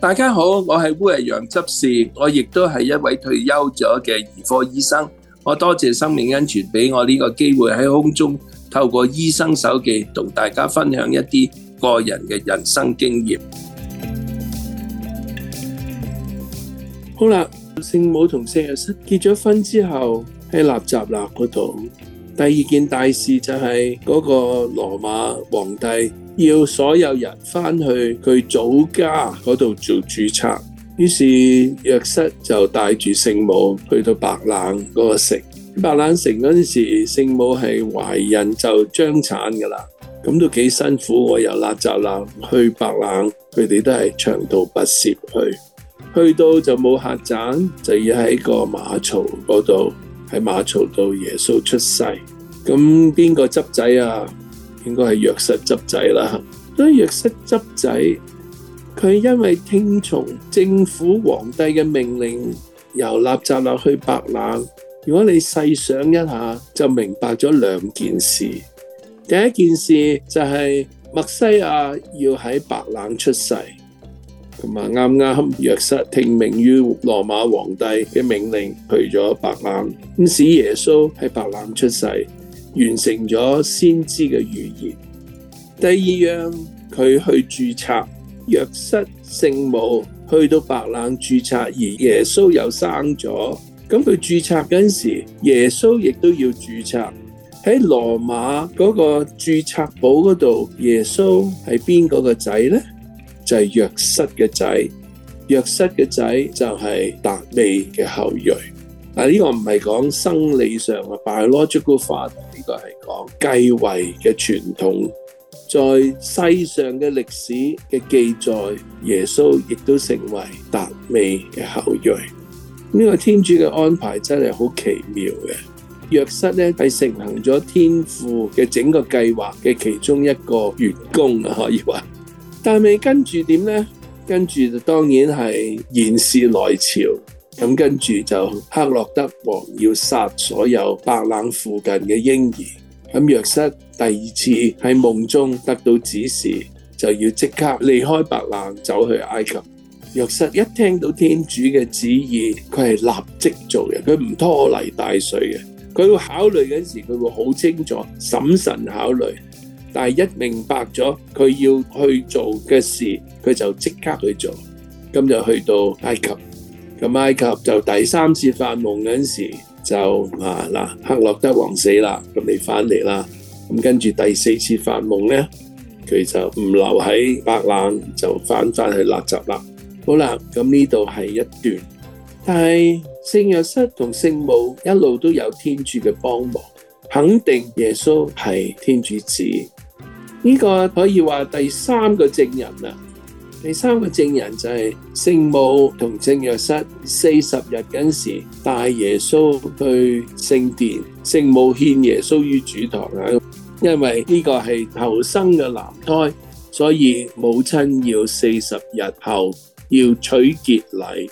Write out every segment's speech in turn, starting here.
大家好，我係烏日陽執事，我亦都係一位退休咗嘅兒科醫生。我多謝生命恩泉俾我呢個機會喺空中透過醫生手記同大家分享一啲個人嘅人生經驗。好啦，聖母同聖若瑟結咗婚之後喺納雜納嗰度，第二件大事就係嗰個羅馬皇帝。要所有人翻去佢祖家嗰度做註冊，於是約瑟就帶住聖母去到白冷嗰個城。白冷城嗰陣時候，聖母係懷孕就將產噶啦，咁都幾辛苦。我由納匝肋，去白冷，佢哋都係長途跋涉去，去到就冇客棧，就要喺個馬槽嗰度，喺馬槽度耶穌出世。咁邊個執仔啊？應該係若瑟執仔啦，咁若瑟執仔，佢因為聽從政府皇帝嘅命令，由納匝肋去白冷。如果你細想一下，就明白咗兩件事。第一件事就係、是，默西亞要喺白冷出世，同埋啱啱若瑟聽命於羅馬皇帝嘅命令，去咗白冷，咁使耶穌喺白冷出世。完成咗先知嘅預言。第二樣，佢去註冊，約瑟聖母去到白冷註冊，而耶穌又生咗。咁佢註冊嗰陣時候，耶穌亦都要註冊喺羅馬嗰個註冊簿嗰度。耶穌係邊個嘅仔呢？就係、是、約瑟嘅仔，約瑟嘅仔就係達味嘅後裔。嗱，呢個唔係講生理上嘅 biological 法，呢個係講繼位嘅傳統，在世上嘅歷史嘅記載，耶穌亦都成為達味嘅後裔。呢個天主嘅安排真係好奇妙嘅。約瑟咧係承行咗天父嘅整個計劃嘅其中一個員工啊，可以話。但係跟住點呢？跟住當然係賢士來朝。咁跟住就黑落德王要殺所有白冷附近嘅嬰兒。咁若瑟第二次喺夢中得到指示，就要即刻離開白冷，走去埃及。若瑟一聽到天主嘅旨意，佢係立即做嘅，佢唔拖泥帶水嘅。佢會考慮嗰時，佢會好清楚審慎考慮。但係一明白咗佢要去做嘅事，佢就即刻去做。今日去到埃及。咁埃及就第三次發夢嗰時，就啊，嗱，黑落德王死啦，咁你返嚟啦。咁跟住第四次發夢呢，佢就唔留喺白冷，就返返去納匝肋啦。好啦，咁呢度係一段，但係聖若瑟同聖母一路都有天主嘅幫忙，肯定耶穌係天主子，呢、呢個可以話第三個證人啦。第三個證人就係聖母同聖約瑟四十日嗰時帶耶穌去聖殿，聖母獻耶穌於主堂啊！因為呢個係頭生嘅男胎，所以母親要四十日後要取潔禮。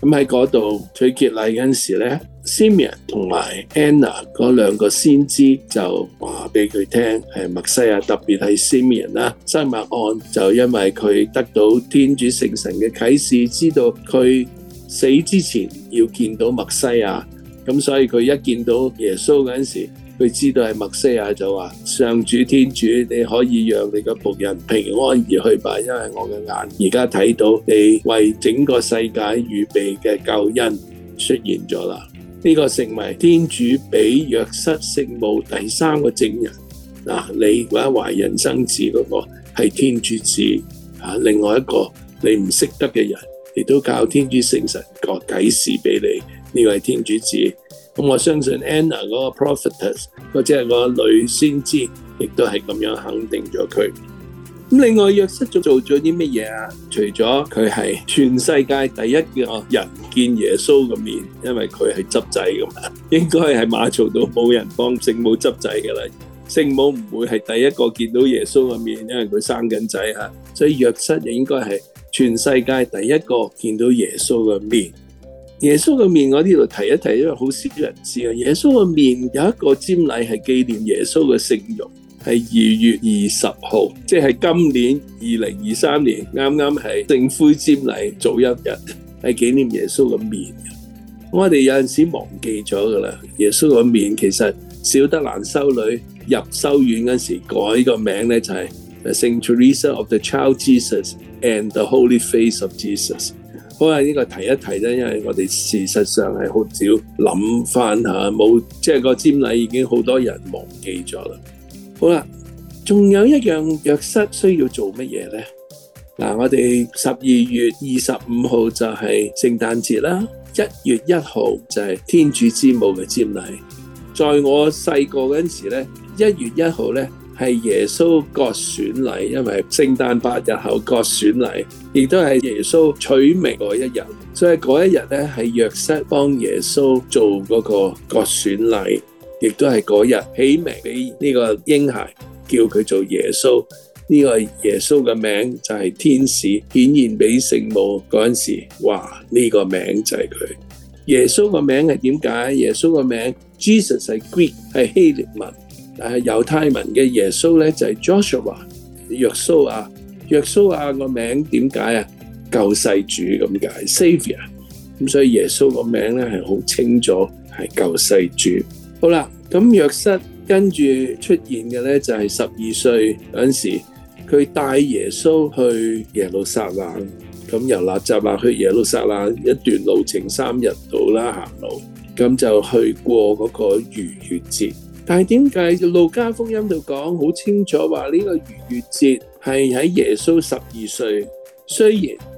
咁喺嗰度取潔禮嗰陣時呢。Simeon 同埋 Anna 嗰兩個先知就話俾佢聽，係墨西亞，特別係 Simeon 啦。西默盎就因為佢得到天主聖神嘅啟示，知道佢死之前要見到墨西亞，咁所以佢一見到耶穌嗰陣時，佢知道係墨西亞就，就話上主天主，你可以讓你嘅僕人平安而去吧，因為我嘅眼而家睇到你為整個世界預備嘅救恩出現咗啦。呢、這個成為天主畀若瑟聖母第三個證人，啊，你你話懷孕生子嗰，那個係天主子，啊，另外一個你唔識得嘅人，亦都靠天主聖神個啓示畀你，呢、這個，是天主子。我相信 Anna 嗰個 prophetess，或者係個女先知，亦都係咁樣肯定咗佢。咁另外約瑟仲做咗啲乜嘢啊？除咗佢係全世界第一個人見耶穌嘅面，因為佢係執仔㗎嘛，應該係馬槽度冇人幫聖母執仔㗎啦。聖母唔會係第一個見到耶穌嘅面，因為佢生緊仔嚇，所以約瑟就應該係全世界第一個見到耶穌嘅面。耶穌嘅面，我呢度提一提，因為好少人知啊。耶穌嘅面有一個瞻禮係紀念耶穌嘅聖容。係二月二十號，即、就、係、是、今年二零二三年啱啱係聖灰瞻禮早一日，係紀念耶穌嘅面。我哋有陣時忘記咗噶啦，耶穌個面其實小德蘭修女入修院嗰時候改個名咧，就係、是、聖 Theresa of the Child Jesus and the Holy Face of Jesus。好啊，呢、這個提一提啦，因為我哋事實上係好少諗翻吓，冇即係個瞻禮已經好多人忘記咗啦。好啦，仲有一樣若瑟需要做乜嘢呢？嗱，我哋十二月二十五號就係聖誕節啦，一月一號就係天主之母嘅瞻禮。在我細個嗰陣時咧，一月一號呢係耶穌割損禮，因為聖誕八日後割損禮，亦都係耶穌取名嗰一日，所以嗰一日呢，係若瑟幫耶穌做嗰個割損禮。亦都係嗰日起名俾呢個嬰孩，叫佢做耶穌。呢個耶穌嘅名就係天使顯現俾聖母嗰陣時，哇！呢個名就係佢。耶穌嘅名係點解？耶穌嘅名 Jesus 係 Greek 係希臘文，但係猶太文嘅耶穌咧就係 Joshua 約書亞。約書亞個名點解啊？救世主咁解 Savior。咁所以耶穌個名咧係好清楚係救世主。好啦，咁約瑟跟住出現嘅咧就係十二歲嗰陣時，佢帶耶穌去耶路撒冷，咁由納匝肋啊去耶路撒冷一段路程三日到啦行路，咁就去過嗰個逾越節。但係點解路加福音度講好清楚話呢個逾越節係喺耶穌十二歲？雖然。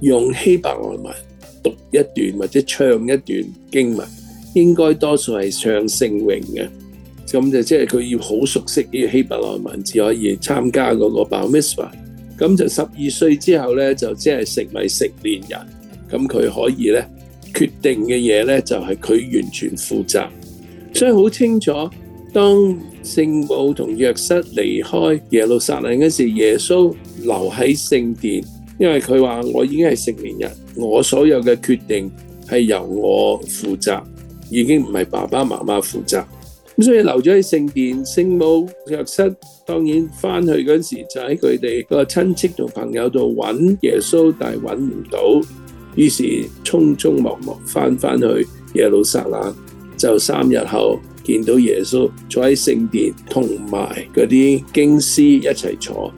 用希伯來文讀一段或者唱一段經文，應該多數係唱聖詠嘅。咁就即係佢要好熟悉呢個希伯來文，至可以參加嗰個 Bar Mitzvah。咁就十二歲之後咧，就即係成為成年人。咁佢可以咧決定嘅嘢咧，就係佢完全負責。所以好清楚，當聖母同約瑟離開耶路撒冷嗰時候，耶穌留喺聖殿。因為佢話我已經係成年人，我所有嘅決定係由我負責，已經唔係爸爸媽媽負責。咁所以留咗喺聖殿、聖母若瑟。當然翻去嗰時就喺佢哋個親戚同朋友度揾耶穌，但係揾唔到，於是匆匆忙忙翻翻去耶路撒冷。就三日後見到耶穌坐喺聖殿，同埋嗰啲經師一齊坐。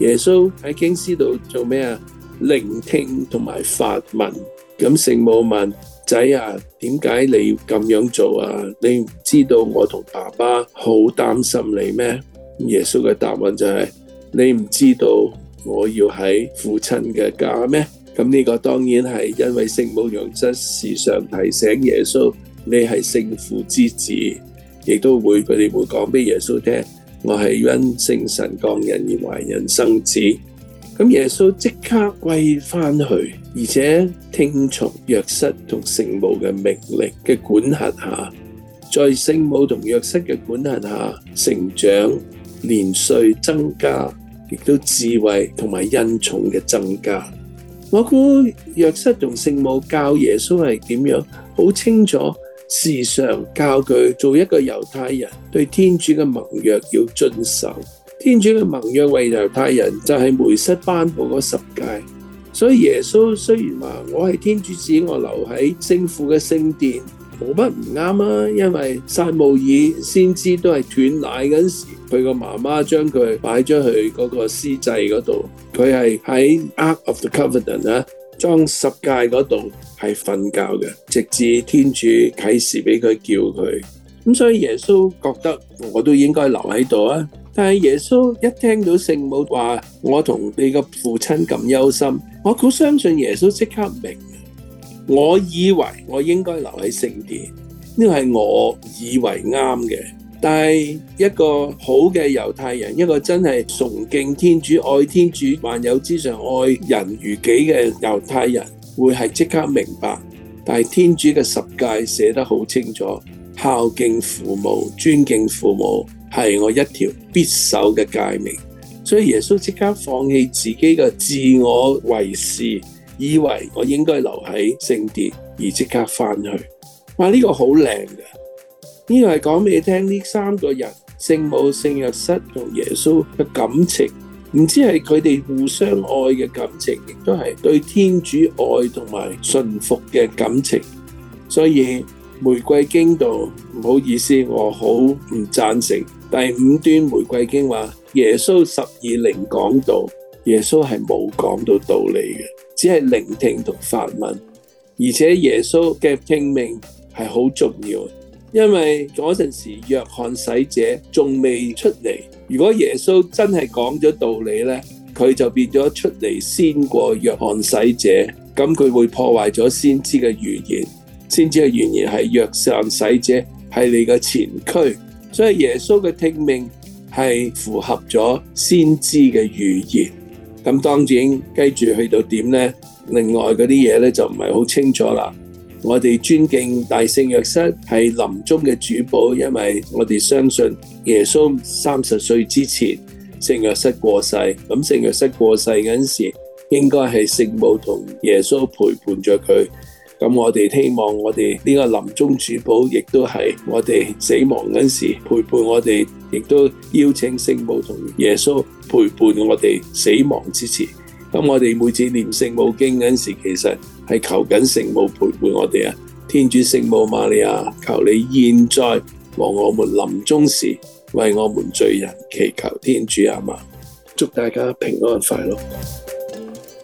耶穌喺經師度做咩啊？聆聽同埋發問。咁聖母問仔啊，點解你要咁樣做啊？你唔知道我同爸爸好擔心你咩？耶穌嘅答案就係你唔知道我要喺父親嘅家咩？咁呢個當然係因為聖母若瑟時常提醒耶穌，你係聖父之子，亦都會佢哋會講俾耶穌聽。我係因聖神降孕而懷人生子，咁耶穌即刻歸返去，而且聽從約瑟同聖母嘅命令嘅管轄下，在聖母同約瑟嘅管轄下成長，年歲增加，亦都智慧同埋恩寵嘅增加。我估約瑟同聖母教耶穌係點樣，好清楚。時常教佢做一個猶太人，對天主嘅盟約要遵守。天主嘅盟約為猶太人就係、是、梅瑟頒布個十誡，所以耶穌雖然話我係天主子，我留喺聖父嘅聖殿，冇乜唔啱啊。因為撒慕爾先知都係斷奶嗰時候，佢個媽媽將佢擺咗去嗰個施祭嗰度，佢係喺 Ark of the covenant 裝十誡嗰度係瞓覺嘅，直至天主啟示俾佢叫佢。咁所以耶穌覺得我都應該留喺度啊。但係耶穌一聽到聖母話，我同你嘅父親咁憂心，我好相信耶穌即刻明。我以為我應該留喺聖殿，呢個係我以為啱嘅。但係一個好嘅猶太人，一個真係崇敬天主、愛天主、萬有之上愛人如己嘅猶太人，會係即刻明白。但係天主嘅十誡寫得好清楚，孝敬父母、尊敬父母係我一條必守嘅誡命。所以耶穌即刻放棄自己嘅自我為是，以為我應該留喺聖殿，而即刻返去。哇！呢、這個好靚嘅。呢個係講俾你聽，呢三個人聖母、聖若瑟同耶穌嘅感情，唔止係佢哋互相愛嘅感情，亦都係對天主愛同埋信服嘅感情。所以玫瑰經度，唔好意思，我好唔贊成第五端玫瑰經話耶穌十二齡講道，耶穌係冇講到道理嘅，只係聆聽同發問，而且耶穌嘅聽命係好重要。因為嗰陣時約翰使者仲未出嚟，如果耶穌真係講咗道理呢，佢就變咗出嚟先過約翰使者，咁佢會破壞咗先知嘅預言。先知嘅預言係約翰使者係你嘅前驅，所以耶穌嘅聽命係符合咗先知嘅預言。咁當然，跟住去到點呢？另外嗰啲嘢呢，就唔係好清楚啦。我哋尊敬大聖若瑟係臨終嘅主保，因為我哋相信耶穌三十歲之前聖若瑟過世，咁聖若瑟過世嗰時應該係聖母同耶穌陪伴着佢。咁我哋希望我哋呢個臨終主保，亦都係我哋死亡嗰時陪伴我哋，亦都邀請聖母同耶穌陪伴我哋死亡之前。咁我哋每次念聖母經嗰陣時，其實係求緊聖母陪伴我哋啊！天主聖母瑪利亞，求你現在和我們臨終時，為我們罪人祈求天主阿媽。祝大家平安快樂！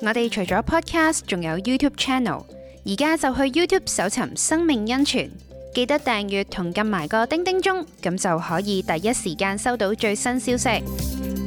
我哋除咗 podcast，仲有 YouTube channel，而家就去 YouTube 搜尋生命恩泉，記得訂閱同撳埋個叮叮鐘，咁就可以第一時間收到最新消息。